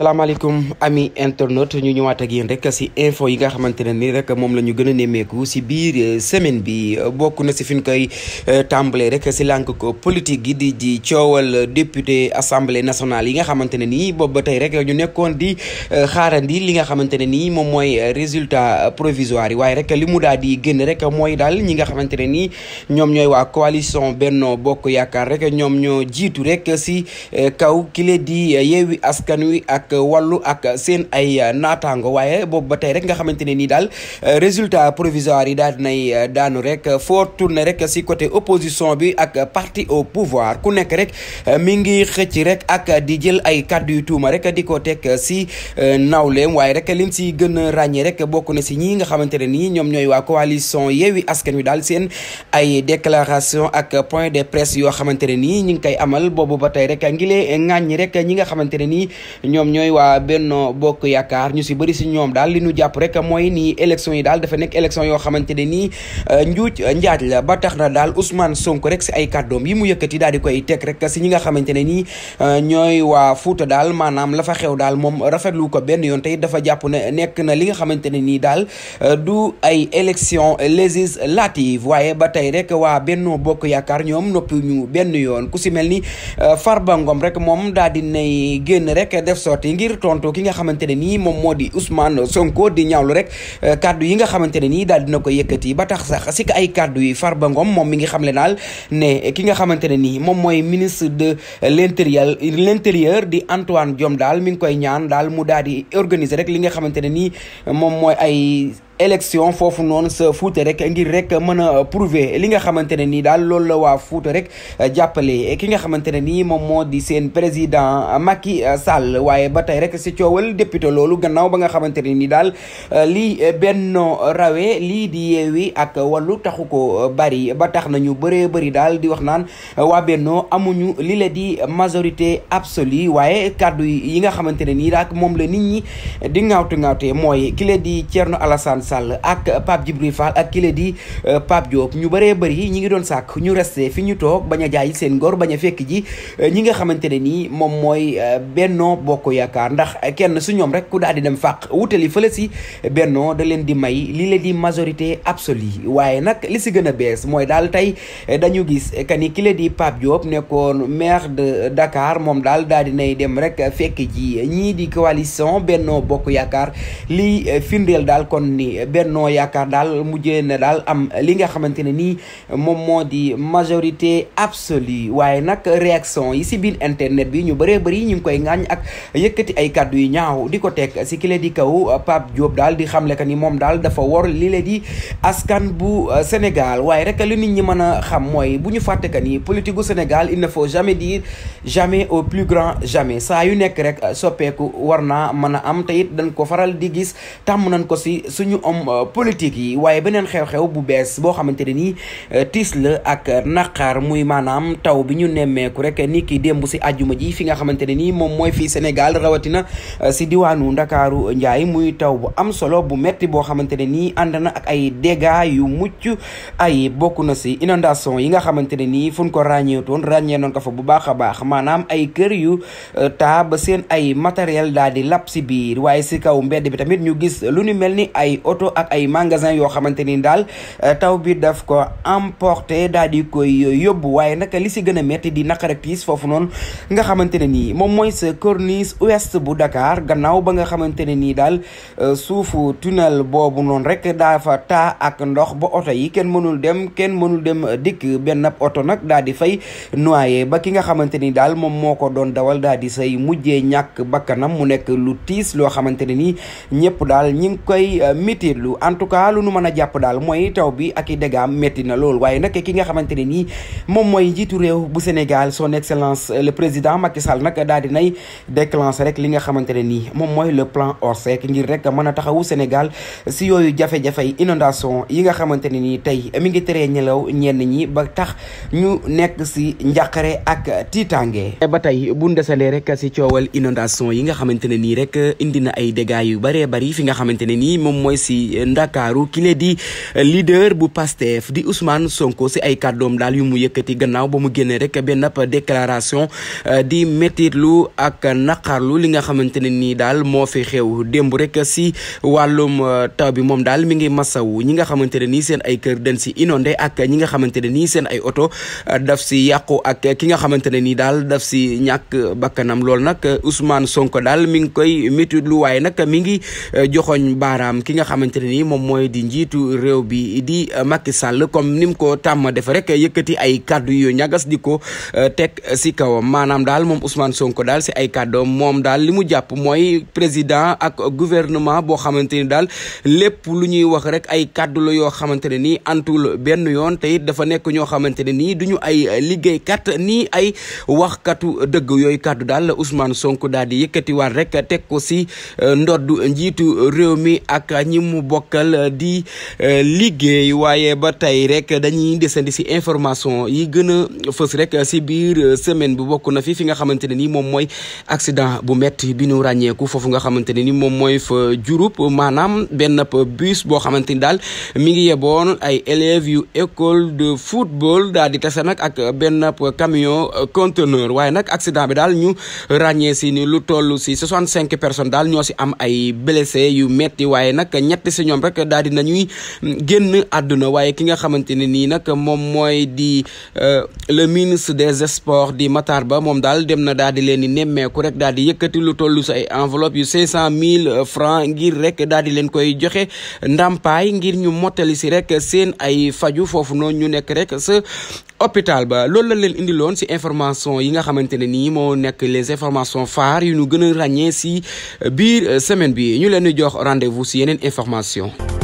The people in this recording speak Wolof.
salaamaaleykum ami internaute ñu ñëwaat ak yéen rek si info yi nga xamante ne nii rek moom la ñu gën a nemmeeku si biir euh, semaine bi euh, bokk na si fi ñu koy euh, tàmbalee rek si lànk ko politique gi di di coowal député assemblée nationale yi nga xamante ne nii boobu ba tey rek ñu nekkoon di xaarandi li nga xamante ne nii moom mooy résultat provisoire yi waaye rek li mu daal di génn rek mooy daal ñi nga xamante ne nii ñoom ñooy waa coalition Benno Bokk Yaakaar rek ñoom ñoo jiitu rek si kaw kile di Askan Wi ak. ak wàllu ak seen ay naataango waaye boobu ba tey rek nga xamante ne nii daal euh, résultat provisoire yi daal nay euh, daanu rek foo tourné rek si côté opposition bi ak parti au pouvoir ku nekk rek euh, mi ngi xëcc rek ak di jël ay kàddu yu tuuma rek di ko teg si nawleem waaye rek liñ si gën a ràññee rek bokk na si ñii nga xamante ne nii ñoom ñooy waa coalition Yewwi Askan Wi daal seen ay déclaration ak point de presse yoo xamante ne nii ñoom ñooy waa Benno Bokk Yaakaar ñu si bëri si ñoom daal li ñu jàpp rek mooy nii élection yi daal dafa nekk élection yoo xamante ne nii euh, njuuj euh, njaaj la ba tax na daal Ousmane Sonko rek si ay kàddoom yi mu yëkkati daal di koy teg rek si ñi nga xamante ne nii euh, ñooy waa Fuuta daal maanaam lafa fa xew daal moom rafetlu ko benn yoon tey dafa jàpp na nekk na li nga xamante ne nii daal du ay élection législative waaye ba tey rek waa benn Bokk Yaakaar ñoom noppi ñu benn yoon ku si mel ni Farba rek moom daal di nay génn rek def sorti ngir tontu ki nga xamante ne nii moom moo di Ousmane Sonko di ñaawlu rek euh, kaddu yi nga xamante ne nii daal dina ko yëkkati ba tax sax si ay kaddu yi ba ngoom moom mi ngi xamle daal ne ki nga xamante ne nii moom mooy ministre de l'intérieur l'intérieur di Antoine Diome daal mi ngi koy ñaan daal mu daal di organiser rek li nga xamante ne nii moom mooy ay élection foofu noonu sa Fuuta rek ngir rek mën a prouver li nga xamante ne nii daal loolu la waa Fuuta rek euh, jàppale ki nga xamante ne nii moom moo président euh, Macky euh, Sall waaye ba tey rek si coowal député loolu gannaaw ba nga xamante ne nii daal Benno rawe lii di ak Wallu ko bari ba tax nañu ñu bëree bëri daal di wax naan waa Benno amuñu li la di majorité absolue waaye kàddu yi nga xamante ne nii daal moom la nit ñi di ŋaawtu ngaawte mooy ki la di Thierno Alassane Sall ak Pape Djibril Fall ak kile di euh, Pape Diop ñu bëree bëri ñi ngi doon sàkk ñu reste fi ñu toog bañ a jaayi seen ngor bañ a fekk ji euh, ñi nga xamante ne nii moom mooy euh, Benno Bokk Yaakaar ndax kenn su ñoom rek ku daal di dem fàq wutali fële si bennoo da leen di may li leen di majorité absolue waaye nag li si gën a bees mooy daal tey dañu gis que ni kile di Pape Diop nekkoon maire de dakaar moom daal daal di nay dem rek fekk ji ñii di coalition Benno Bokk Yaakaar li bennoo yaakaar daal mu na daal am li nga xamante ne nii moom di majorité absolue waaye nag réaction yi si biir internet bi ñu bëree bëri ñu ngi koy ŋaañ ak yëkkati ay kàddu yu ñaaw di ko teg si di kaw Pape Diop daal di xamle que ni moom daal dafa wor li di askan bu Sénégal waaye rek lu nit ñi mën a xam mooy bu ñu fàtte que ni politique Sénégal il ne faut jamais dire jamais au plus grand jamais saa yu nekk rek soppeeku war naa mën a am te it dañ ko faral di gis tàmm nañ ko si suñu homme euh, politique yi waaye beneen xew-xew bu bees boo xamante ne nii euh, tiis la ak euh, naqar muy maanaam taw bi ñu nemmeeku rek ni ki démb si àjjuma ji fi nga xamante ne nii moom mooy fii Sénégal rawatina si diwaanu Ndakaaru Njaay muy taw bu am solo bu metti boo xamante ne nii ànd na ak ay dégâts yu mucc ay bokk na si inondation yi nga xamante ne nii fu ñu ko ràññeetoon ràññee noon ko fa bu baax a baax maanaam ay kër yu taa ba seen ay matériel daal di lap si biir waaye oto ak ay magasin yoo xamante ni daal euh, taw bi daf ko emporté daal di koy euh, yóbbu waaye nag li si gën a métti di naqar ak tiis foofu noonu nga xamante ne nii moom mooy sa corniche ouest bu Dakar gannaaw ba nga xamante ne nii daal euh, suufu tunnel boobu noonu rek daa fa taa ak ndox ba oto yi kenn mënul dem kenn mënul dem dikk benn oto nag daal di fay noyé ba ki nga xamante ni daal moom moo ko doon dawal daal di say mujjee ñàkk bakkanam mu nekk lu tiis loo xamante ne tiitlu en tout cas lu nu mën a jàpp daal mooy taw bi ak i dégâts métti na lool waaye nag ki nga xamante nii moom mooy njiitu réew bu Sénégal son excellence euh, le président Macky Sall nag daal di nay déclenché rek li nga xamante ne nii moom mooy le plan Orsec ngir rek mën a taxawu Sénégal si yooyu jafe-jafey inondation yi nga xamante ne nii tey mi ngi teree ñelaw ñenn ñi ba tax ñu nekk si njàqare ak tiitange. ba tey bu ndesalee si ndakaaru kile di eh, leader bu Pastef di Ousmane Sonko ci ay kàddoom dal yu mu yëkëti gannaaw ba mu génnee rek benn déclaration eh, di métitlu ak naqarlu li nga xamanteni ni dal mo fi xew démb rek ci walum eh, taw bi mom dal mi ngi masawu ñi nga xamanteni ni seen ay kër dañ ci inondé ak ñi nga xamanteni ni seen ay auto daf ci yaqku ak ki nga xamanteni ni dal daf ci ñak bakanam lool nak Ousmane Sonko dal mi ngi koy métitlu way nak mi ngi joxogn baram ki nga xamante moom mooy di njiitu réew bi di uh, Macky sàll comme ni mu ko tàmm def rek yëkkati ay kàddu yu ñagas di ko uh, teg si kawam maanaam daal moom Ousmane sonk daal si ay kàddoom moom daal li mu jàpp mooy président ak gouvernement boo xamante ni daal lépp lu ñuy wax rek ay kàddu la yoo xamante ne nii antul benn yoon tey dafa nekk ñoo xamante ne nii duñu ay liggéey liggéeykat nii ay waxkatu dëgg yooyu kàddu daal Ousmane sonk daal di yëkkatiwaat rek teg ko si uh, ndodd njiitu réew mi ak ñi mu bokkal uh, di uh, liggéey waaye ba tey rek dañuy desandi si information yi gën a fës rek si biir uh, semaine bi bokk na fi fi nga xamante ne ni moom mooy accident bu metti bi ñu ràññeeku foofu nga xamante ne ni moom mooy fa Diouroup maanaam benn bus boo xamante ni daal mi ngi yeboon ay élèves yu école de football daal di tase nag ak benn camion conteneur waaye nag accident bi daal ñu ràññee si ni lu toll si 65 personnes daal ñoo si am ay blessé yu metti waaye nag ñett ñett si ñoom rek daal di nañuy mm, génn àdduna waaye ki nga xamante ne nii nag moom mooy di euh, le ministre des sports di Matar Ba moom daal dem na daal di leen di nemmeeku rek daal di yëkkati lu toll si ay enveloppe yu cinq cent mille euh, francs ngir rek daal di leen koy joxe ndàmpaay ngir ñu mottali si rek seen ay faju foofu noonu ñu nekk rek sa hôpital ba loolu la leen indiloon si information yi nga xamante ne nii moo nekk les informations phares yu nu gën a ràññee si euh, biir semaine bi ñu leen jox rendez-vous información.